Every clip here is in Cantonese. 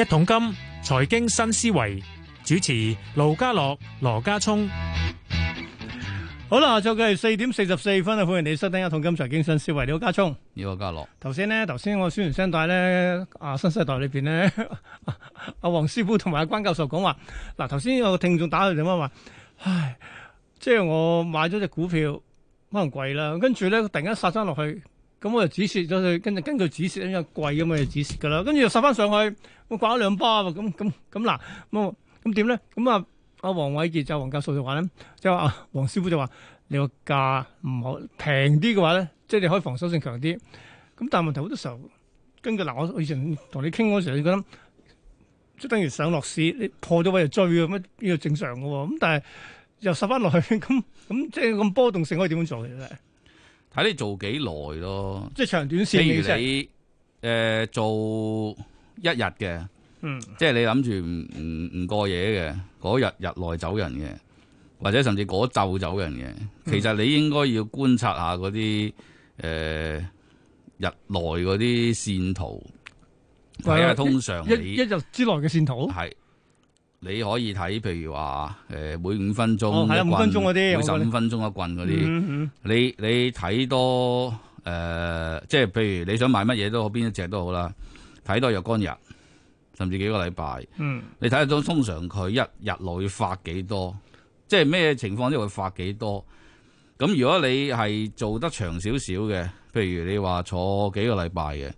一桶金財經新思維，主持盧家樂、羅家聰，好啦，下晝繼續四點四十四分啊！歡迎你收聽一桶金財經新思維，你好，家聰，你好，家樂。頭先咧，頭先我宣完聲帶咧，啊新世代裏邊咧，阿黃師傅同埋阿關教授講話，嗱，頭先有個聽眾打佢電話話，唉，即係我買咗隻股票可能貴啦，跟住咧突然間殺翻落去。咁我止止就止蝕咗佢，跟住根據止蝕咁又貴咁啊，就止蝕噶啦。跟住又殺翻上去，我掛咗兩巴咁咁咁嗱，咁咁點咧？咁、嗯嗯嗯嗯嗯嗯嗯、啊，阿黃偉傑就黃教授就話咧，即係話啊，黃師傅就你價話你個價唔好平啲嘅話咧，即係你可以防守性強啲。咁但係問題好多時候，根據嗱我以前同你傾嗰時候，你覺得即等於上落市，你破咗位就追咁樣，呢個正常嘅喎、哦。咁但係又殺翻落去，咁咁即係咁波動性可以點樣做嘅？睇你做幾耐咯，即係長短線。譬如你誒、呃、做一日嘅，嗯，即係你諗住唔唔過夜嘅嗰日，日內走人嘅，或者甚至嗰晝走人嘅，其實你應該要觀察下嗰啲誒日內嗰啲線圖，係啊、嗯，一通常一一日之內嘅線圖係。你可以睇，譬如話，誒、哦，每五分鐘，五分鐘嗰啲，每十五分鐘一棍嗰啲。你你睇多，誒、呃，即係譬如你想買乜嘢都好，邊一隻都好啦，睇多若干日，甚至幾個禮拜。嗯。你睇到通常佢一日內會發幾多？即係咩情況之下發幾多？咁如果你係做得長少少嘅，譬如你話坐幾個禮拜嘅。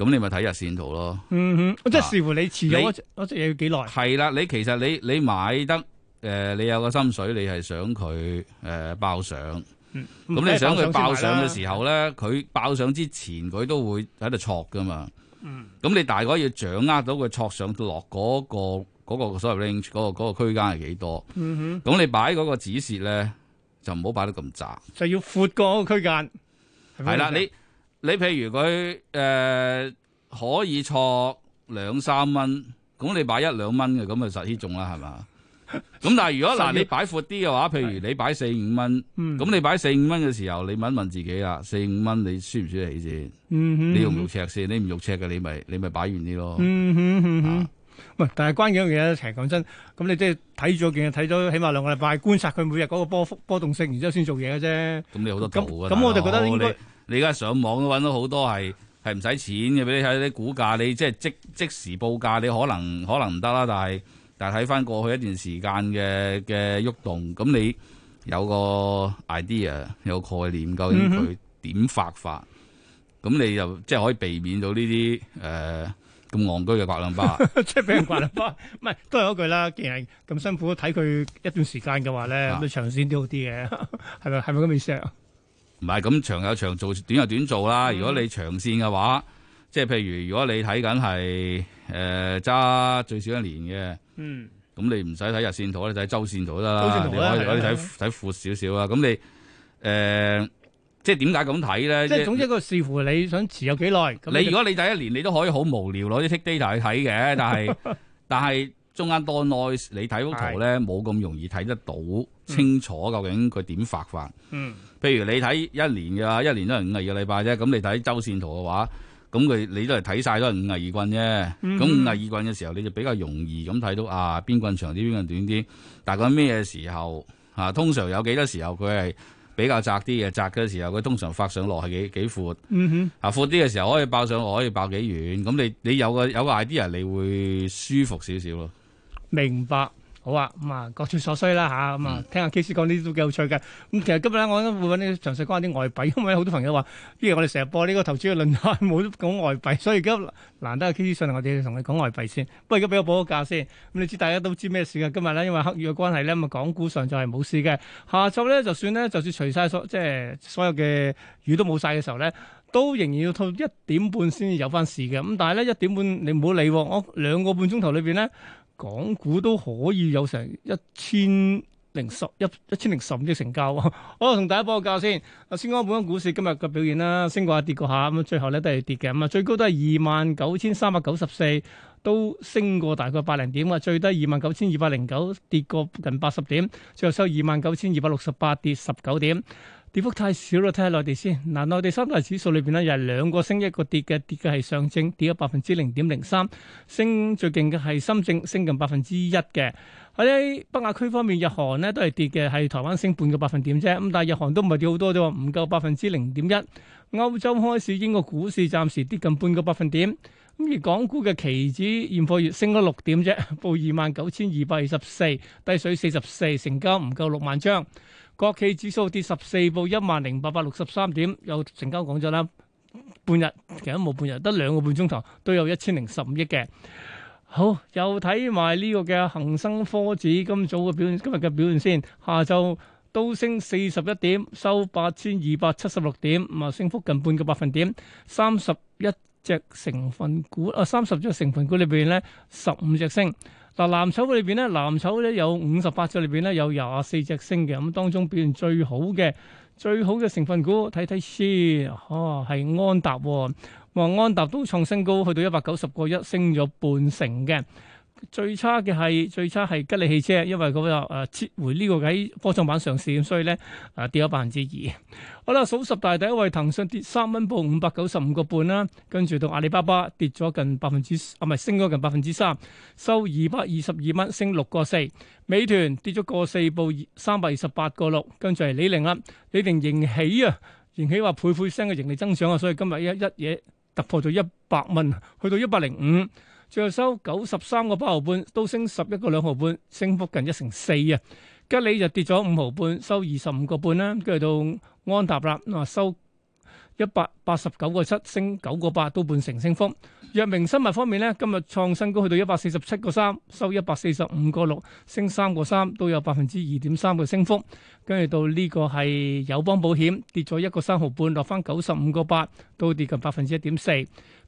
咁你咪睇日線圖咯。嗯哼，即係視乎你持有嗰隻嘢要幾耐。係啦你久，你其實你你買得、呃、你有個心水你，你係想佢誒爆上。咁、嗯嗯、你想佢爆上嘅時候咧，佢爆上之前佢都會喺度戳噶嘛。咁、嗯、你大概要掌握到佢戳上落嗰、那個嗰、那個、所謂 range 嗰個區間係幾多？嗯咁哼你擺嗰個止蝕咧就唔好擺得咁窄，就要闊過個區間。係啦的，的你你譬如佢誒。呃可以錯兩三蚊，咁你擺一兩蚊嘅，咁咪實 hit 中啦，係嘛？咁 但係如果嗱，際你擺闊啲嘅話，譬如你擺四五蚊，咁、嗯、你擺四五蚊嘅時候，你問一問自己啊，四五蚊你輸唔輸得起先、嗯嗯？你用唔用尺先？你唔用尺嘅，你咪你咪擺遠啲咯。嗯，但係關鍵一樣嘢，成日講真，咁你即係睇咗件，睇咗起碼兩個禮拜，觀察佢每日嗰個波幅波動性，然之後先做嘢嘅啫。咁你好多圖啊！咁我就覺得、哦、你而家上網都揾到好多係。係唔使錢嘅，俾你睇啲股價，你即係即即時報價，你可能可能唔得啦，但係但係睇返過去一段時間嘅嘅喐動，咁你有個 idea 有個概念，究竟佢點發法。咁、嗯、哼你又即係可以避免到呢啲誒咁戇居嘅百兩巴，即係俾人刮兩巴，唔係都係嗰句啦。既然咁辛苦睇佢一段時間嘅話咧，咁、啊、你長線都好啲嘅，係 咪？係咪咁意思啊？唔係咁長，有長做，短有短做啦。如果你長線嘅話，嗯、即係譬如如果你睇緊係誒揸最少一年嘅，嗯，咁你唔使睇日線圖，你睇周線圖得啦。週線圖啊，你可以睇睇闊少少啊。咁的你誒即係點解咁睇咧？即係總之，個視乎你想持有幾耐。你如果你第一年，你都可以好無聊攞啲 tick data 去睇嘅，但係 但係中間多耐你睇幅圖咧，冇咁的容易睇得到。嗯、清楚究竟佢點發法。嗯，譬如你睇一年嘅一年都係五十二個禮拜啫。咁你睇周線圖嘅話，咁佢你都係睇晒都係五十二棍啫。咁五十二棍嘅時候，你就比較容易咁睇到啊，邊棍長啲，邊棍短啲。大概咩時候啊？通常有幾多時候佢係比較窄啲嘅？窄嘅時候佢通常發上落係幾幾闊？嗯、哼，啊闊啲嘅時候可以爆上落，可以爆幾遠？咁你你有個有個 idea，你會舒服少少咯。明白。好啊，咁啊，各取所需啦嚇，咁啊，聽阿 KC 講啲都幾有趣嘅。咁其實今日咧，我都會揾啲詳細講下啲外幣，因為好多朋友話， 不如我哋成日播呢個投資嘅論壇冇講外幣，所以而家難得阿 KC 上嚟，我哋同你講外幣先。不過而家俾我報個價先，咁你知大家都知咩事嘅。今日咧，因為黑雨嘅關係咧，咁啊，港股上就係冇事嘅。下晝咧，就算咧，就算除晒所即係所有嘅雨都冇晒嘅時候咧，都仍然要到一點半先有翻事嘅。咁但係咧，一點半你唔好理、哦，我兩個半鐘頭裏邊咧。港股都可以有成一千零十一一千零十五億成交啊！我 同大家報個價先。啊，先講本港股市今日嘅表現啦，升過下，跌過下，咁最後咧都係跌嘅。咁，啊，最高都係二萬九千三百九十四，都升過大概百零點。最低二萬九千二百零九，跌過近八十點。最後收二萬九千二百六十八，跌十九點。跌幅太少啦，睇下內地先。嗱，內地三大指數裏邊咧，又係兩個升一個跌嘅，跌嘅係上證跌咗百分之零點零三，升最勁嘅係深證升近百分之一嘅。喺北亞區方面，日韓咧都係跌嘅，係台灣升半個百分點啫。咁但係日韓都唔係跌好多啫，唔夠百分之零點一。歐洲開市，英國股市暫時跌近半個百分點。咁而港股嘅期指現貨月升咗六點啫，報二萬九千二百二十四，低水四十四，成交唔夠六萬張。國企指數跌十四步，一萬零八百六十三點，有成交講咗啦。半日其實冇半日，得兩個半鐘頭，都有一千零十五億嘅。好，又睇埋呢個嘅恒生科指今早嘅表現，今日嘅表現先。下晝都升四十一點，收八千二百七十六點，咁啊升幅近半個百分點。三十一隻成分股啊，三十隻成分股裏邊咧，十五隻升。嗱，藍籌裏面咧，藍籌有五十八隻，裏面有廿四隻升嘅，咁當中表現最好嘅，最好嘅成分股，睇睇先，啊、安踏、哦啊，安踏都創新高，去到一百九十個一，升咗半成嘅。最差嘅係最差係吉利汽車，因為佢又誒撤回呢個喺科創板上市，所以咧誒、啊、跌咗百分之二。好啦，數十大第一位，騰訊跌三蚊，報五百九十五個半啦。跟住到阿里巴巴跌咗近百分之，啊唔係升咗近百分之三，收二百二十二蚊，升六個四。美團跌咗個四，報三百二十八個六。跟住李寧啊，李寧盈喜啊，盈喜話倍倍升嘅盈利增長啊，所以今日一一嘢，突破咗一百蚊，去到一百零五。最後收九十三個八毫半，都升十一個兩毫半，升幅近一成四啊！吉利就跌咗五毫半，收二十五個半啦。跟住到安踏啦，收一百八十九個七，升九個八，都半成升幅。藥明生物方面咧，今日創新高，去到一百四十七個三，收一百四十五個六，升三個三，都有百分之二點三個升幅。跟住到呢個係友邦保險，跌咗一個三毫半，落翻九十五個八，都跌近百分之一點四。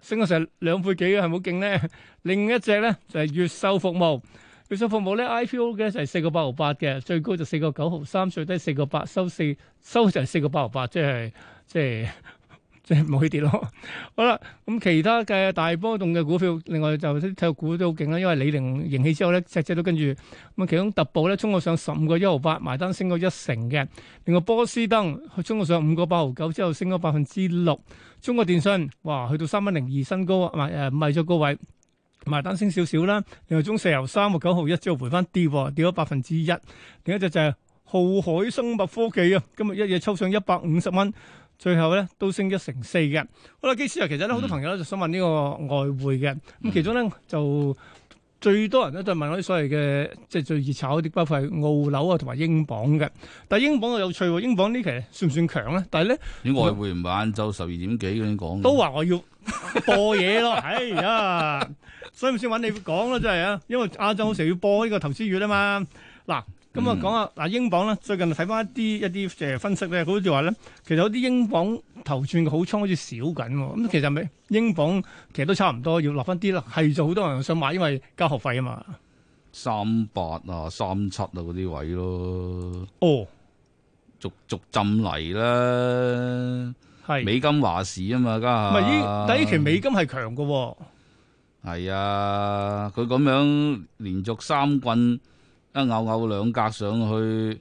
升咗成兩倍幾，係咪好勁咧？另一隻咧就係、是、越秀服務，越秀服務咧 IPO 嘅就係四個八毫八嘅，最高就四個九毫三，最低四個八，收四收就係四個八毫八，即係即係。即係唔好去跌咯。好啦，咁其他嘅大波動嘅股票，另外就啲體育股都好勁啦。因為李寧盈喜之後咧，隻隻都跟住。咁啊，其中特步咧衝過上十五個一毫八，埋單升過一成嘅。另外波司登衝過上五個八毫九之後，升咗百分之六。中國電信哇，去到三蚊零二新高啊，賣誒賣咗高位，埋單升少少啦。另外中石油三個九毫一之後回翻跌，跌咗百分之一。另一隻就係浩海生物科技啊，今日一夜抽上一百五十蚊。最後咧都升一成四嘅。好啦，基斯啊，其實咧好多朋友咧就想問呢個外匯嘅。咁、嗯、其中咧就最多人咧就問我啲所謂嘅即係最熱炒嗰啲，包括澳樓啊同埋英鎊嘅。但英鎊又有趣喎，英鎊呢其實算唔算強咧？但係咧，外匯唔係晏晝十二點幾先講，都話我要播嘢咯。 哎呀，所以唔先揾你講咯，真、就、係、是、啊，因為亞洲成日要播呢個投資月啊嘛。嗱。咁啊，講、嗯、下嗱，英鎊咧，最近睇翻一啲一啲誒分析咧，好似話咧，其實有啲英鎊頭寸的好倉好似少緊，咁其實咪英鎊其實都差唔多，要落翻啲咯，係就好多人想買，因為交學費啊嘛，三八啊，三七啊嗰啲位咯，哦，逐逐浸嚟啦，係是美金話事啊嘛，家下，咪依但係依期美金係強嘅喎，係啊，佢咁樣連續三棍。一拗拗兩格上去，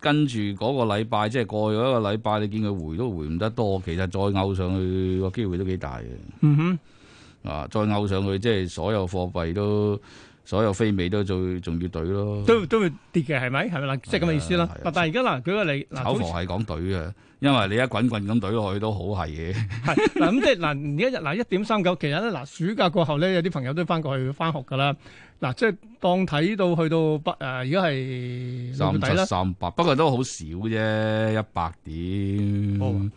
跟住嗰個禮拜，即係過咗一個禮拜，你見佢回都回唔得多。其實再拗上去個機會都幾大嘅。嗯哼，啊，再拗上去，即係所有貨幣都，所有非美都最，最仲要懟咯。都都會跌嘅，係咪？係咪嗱？即係咁嘅意思啦。是啊是啊，但係而家嗱，舉個例，炒房係講懟嘅，啊，因為你一滾滾咁懟落去都好係嘅。嗱，咁即係嗱，而家嗱一點三九，其實咧嗱，暑假過後咧，有啲朋友都翻過去翻學噶啦。嗱、啊，即係當睇到去到百誒，而家係三三百，不過都好少啫，一百點。哦、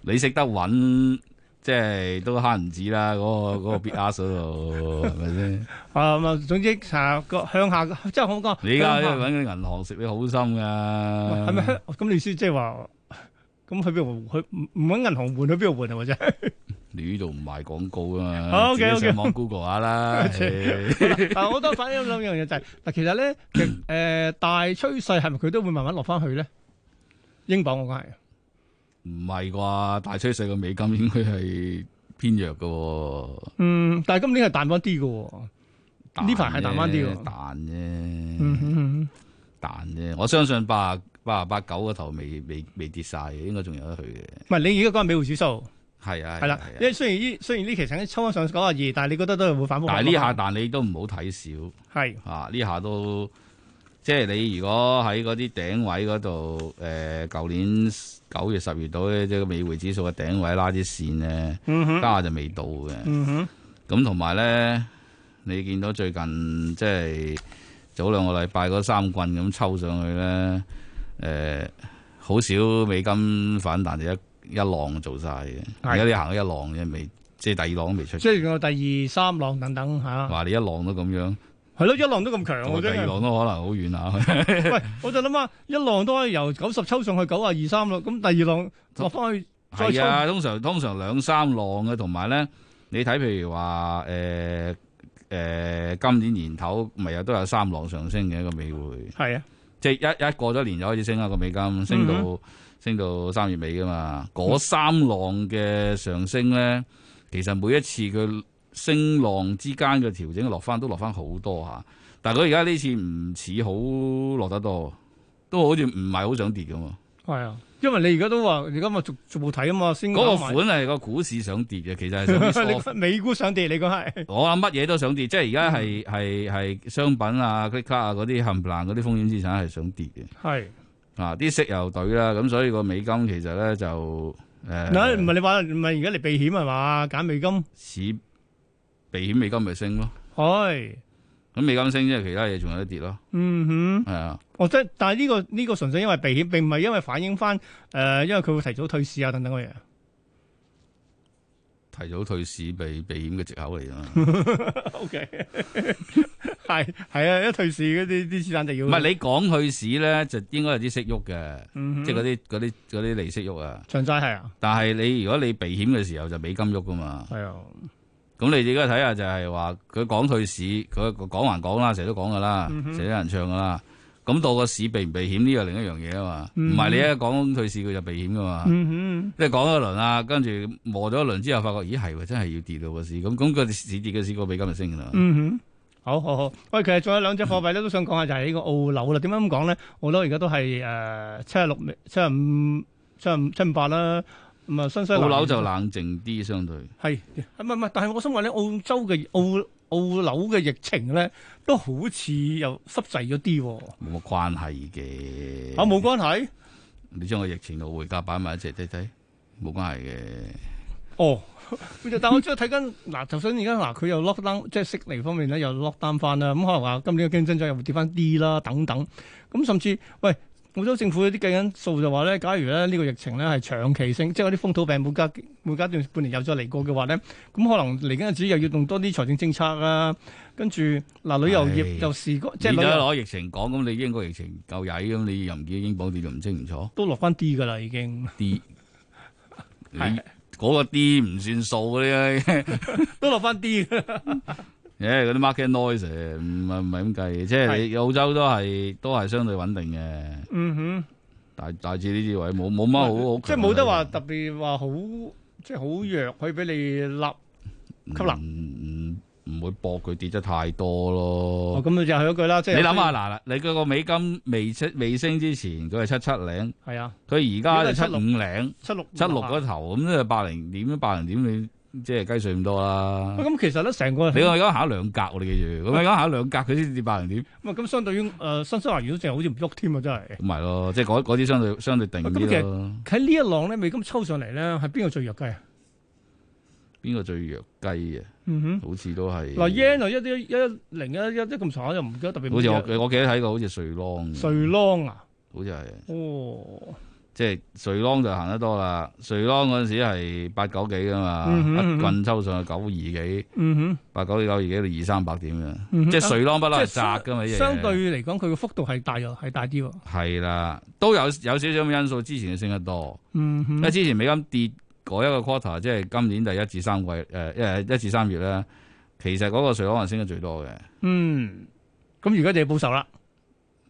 你識得搵即係都慳唔止啦。嗰、嗰個嗰、嗰個 bit 度係咪先？啊，總之查個向下，即係我講。你而家要搵銀行食你好心噶。係咪香？咁你意思即係話，咁去邊度？去唔唔搵銀行換去邊度換啊？係咪 你呢度唔賣廣告啊 OK, OK，望 Google 下啦。嗱，我都反映兩樣嘢就係、是，嗱， 其實咧，誒、 呃，大趨勢係咪佢都會慢慢落翻去咧？英鎊我講係唔係啩？大趨勢個美金應該係偏弱噶、哦。嗯，但係今年係彈翻啲噶。呢排係彈翻啲噶，彈啫。啫。我相信八八八九個頭未未未跌晒，應該仲有得去嘅。唔係，你而家講美匯指數。係啊，係啦。因雖然依雖然呢期曾經抽咗上九啊二，但係你覺得都係會反覆但係呢下，但你都唔好睇少。係啊，呢下、啊、都即係你如果喺嗰啲頂位嗰度，誒、呃，舊年九月十月度咧，即係美匯指數嘅頂位拉啲線咧，家下就、嗯、哼未到嘅。咁同埋咧，你見到最近即係早兩個禮拜嗰三棍咁抽上去咧，誒、呃，好少美金反彈嘅一。一浪做晒嘅，而家你行咗一浪啫，未即係第二浪都未出。即係個第二三浪等等吓。話你一浪都咁樣，係咯，一浪都咁強我覺得，二浪都可能好遠啊。喂，我就諗下，一浪都可以由九十抽上去九啊，二三啦，咁第二浪落翻去，再抽。啊，通常通常兩三浪嘅，同埋咧，你睇譬如話誒誒，今年年頭咪又都有三浪上升嘅一個美匯。係啊，即係一一過咗年就開始升一個美金，升到。升到三月尾噶嘛？嗰三浪嘅上升咧，其實每一次佢升浪之間嘅調整落翻都落翻好多吓。但係佢而家呢次唔似好落得多，都好似唔係好想跌噶嘛。係啊，因為你而家都話而家啊，逐逐步睇啊嘛。先嗰個款係個股市想跌嘅，其實係 美股想跌，你講係。我話乜嘢都想跌， 即係而家係係係商品啊、credit 啊嗰啲冚唪唥嗰啲風險資產係想跌嘅。係。啊！啲石油隊啦，咁所以個美金其實咧就誒，嗱唔係你話唔係而家嚟避險係嘛？揀美金市避險美金咪升咯，係咁、哎、美金升，即係其他嘢仲有得跌咯。嗯哼，係啊的，我即係但係呢、這個呢、這個純粹因為避險，並唔係因為反映翻誒、呃，因為佢會提早退市啊等等嗰樣。提早退市被避險嘅借口嚟噶嘛 OK，係係啊，一退市嗰啲啲資產就要唔係你講退市咧，就應該有啲息喐嘅，即係嗰啲嗰啲嗰啲利息喐啊。長債係啊，但係你如果你避險嘅時候就是、美金喐噶嘛。係啊、嗯哼，咁你而家睇下就係話佢講退市，佢講還講啦，成日都講噶啦，成日都有人唱噶啦。咁到個市避唔避險呢？個另一樣嘢，啊嘛，唔係，嗯、哼你一講退市佢就避險噶嘛，即係講咗一輪啦，跟住磨咗一輪之後，發覺咦係喎，真係要跌到個市，咁咁個市跌嘅市個比今日升噶啦，嗯哼，好好好，喂，其實仲有兩隻貨幣咧都想講下就，就係呢個澳紐啦，點解咁講呢？澳紐而家都係誒七十六、七十五、七十七五八啦，咁啊新西蘭澳紐就冷靜啲相對，係啊唔唔，但係我想話咧澳洲嘅澳。澳樓嘅疫情咧，都好似又濕滯咗啲，冇乜關係嘅。啊，冇關係、啊？你將個疫情個回加擺埋一齊睇睇，冇關係嘅。哦，但我最近睇緊，嗱， 就算而家嗱，佢又落 n 即係悉尼方面咧又落單翻啦。咁可能話今年嘅競爭者又會跌翻啲啦，等等。咁甚至，喂。澳洲政府啲計緊數就話咧，假如咧呢個疫情咧係長期性，即係啲風土病每隔每隔段半年又再嚟過嘅話咧，咁可能嚟緊日子又要用多啲財政政策啦。跟住嗱旅遊業又試過的即係而家攞疫情講，咁你英國疫情夠曳咁，你又唔記得英國你就唔清唔楚，都落翻啲噶啦已經 D, 你。啲係嗰個啲唔算數嘅啫，哎、 都落翻啲。誒，嗰啲、yeah, market noise 唔係唔係咁計，即係你澳洲都係是都係相對穩定嘅。嗯哼，大大致呢啲位冇冇乜好的好。即係冇得話特別話好，即係好弱佢俾你笠，可能唔唔會會博佢跌得太多咯。咁你就係嗰句啦。即係你諗下，嗱嗱以，你嗰個美金未未升之前，佢係七七零。係啊的，佢而家就七五零，七六七六嗰頭咁，即係八零點，八零點你。即係雞碎咁多啦，咁其實咧成個你話而家下兩格，我哋記住咁家下兩格，佢先至百零點。咁啊，咁相對於誒新西蘭元都淨係好似唔喐添啊，真係。唔咪咯，即係嗰啲相對相對定啲咯。咁其實喺呢一浪咧，未咁抽上嚟咧，係邊個最弱雞啊？邊個最弱雞啊？好似都係嗱，yen 又一啲一零一一咁慘，又唔記得特別。好似我記得睇過，好似瑞郎。瑞郎啊，好似係。哦。即係瑞朗就行得多啦，瑞朗嗰陣時係八九幾噶嘛，嗯嗯嗯嗯一棍抽上去九二幾，八九幾九二幾到二三百點嘅，即係瑞朗不嬲係窄噶嘛。相對嚟講，佢個幅度係大又係大啲、哦。係啦，都有有少少因素，之前就升得多。因為之前美金跌嗰一個 quarter，即係今年第一至三季，誒，一至三月咧，其實嗰個瑞朗係升得最多嘅。嗯，咁而家就要報仇啦。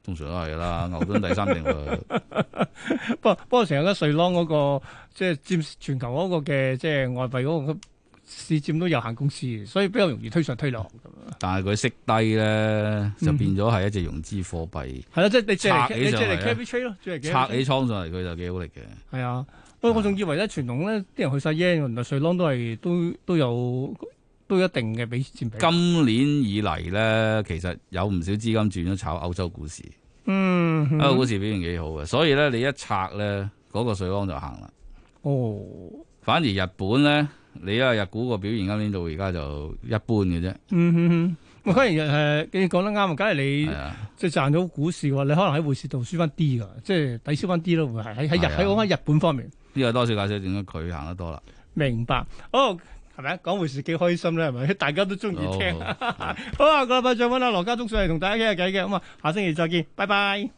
通常都係啦，牛頓第三定律、就是。 不不過成日咧，瑞郎嗰、那個即係、就是、佔全球嗰個嘅即係外幣嗰個市佔都有限公司，所以比較容易推上推落、嗯。但係佢息低咧，就變咗係一隻融資貨幣。係啦、嗯，即係你借嚟，來來你借嚟 carry trade 咯，即係拆起倉上嚟，佢就幾好力嘅。係啊，不過我仲以為咧，傳統咧啲人去晒 yen 原來瑞郎都係都都有。都一定嘅比，比今年以嚟咧，其實有唔少資金轉咗炒歐洲股市，嗯，歐、嗯、洲股市表現幾好嘅，所以咧你一拆咧，嗰、那個水缸就行啦。哦，反而日本咧，你啊日股個表現今年到而家就一般嘅啫、嗯。嗯哼哼，咁、嗯嗯嗯嗯、啊，誒，你講得啱啊，梗係你即係賺到股市嘅話，你可能喺匯市度輸翻啲㗎，即、就、係、是、抵消翻啲咯，會係喺喺日喺講翻日本方面。呢、嗯嗯這個多少解釋點解佢行得多啦？明白，哦、oh。係咪講回事幾開心咧，係咪？大家都中意聽。好啦，個禮拜再揾啦羅家聰上嚟同大家傾下偈嘅。咁啊，下星期再見，拜拜。